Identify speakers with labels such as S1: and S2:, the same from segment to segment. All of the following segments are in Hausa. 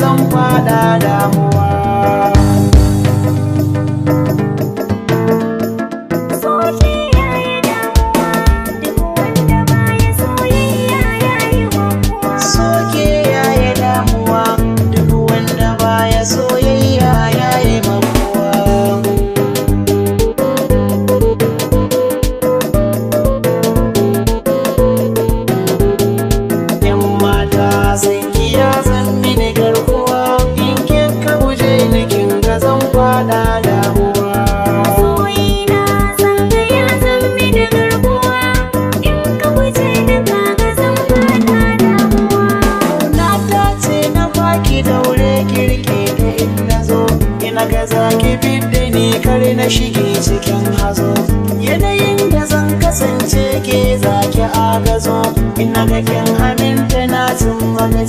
S1: zan fada damuwa fada damuwa masoyina sanga ya san mi da garkuwa in ka wuce da kaga zan damuwa na dace na baki daure kirki da in na zo ina ga zaki bidda ni kar na shige cikin hazo yanayin da zan kasance ke zaki agazo ina ga kyan aminta na tun wani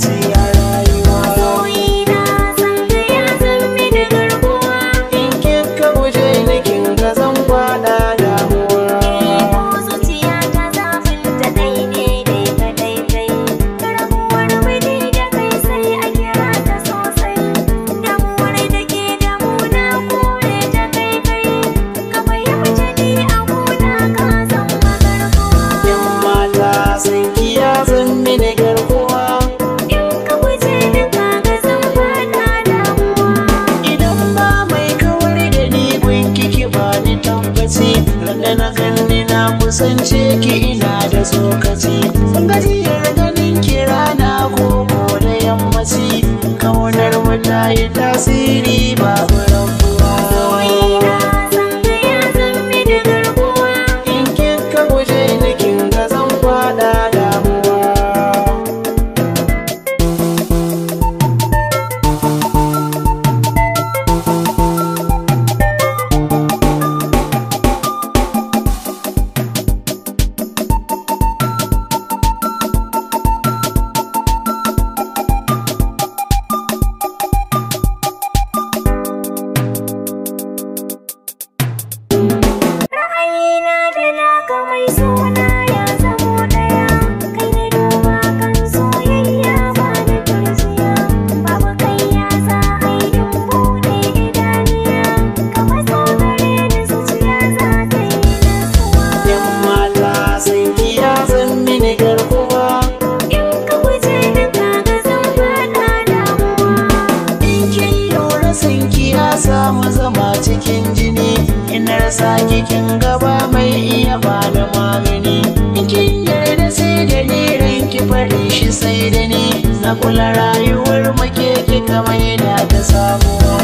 S1: tsokaci sun gaji ya samu zama cikin jini in rasa kikin gaba mai iya bada magani kin yarda sai da ni ranki farin shi sai da ni na kula rayuwar make ki kamar da ta samuwa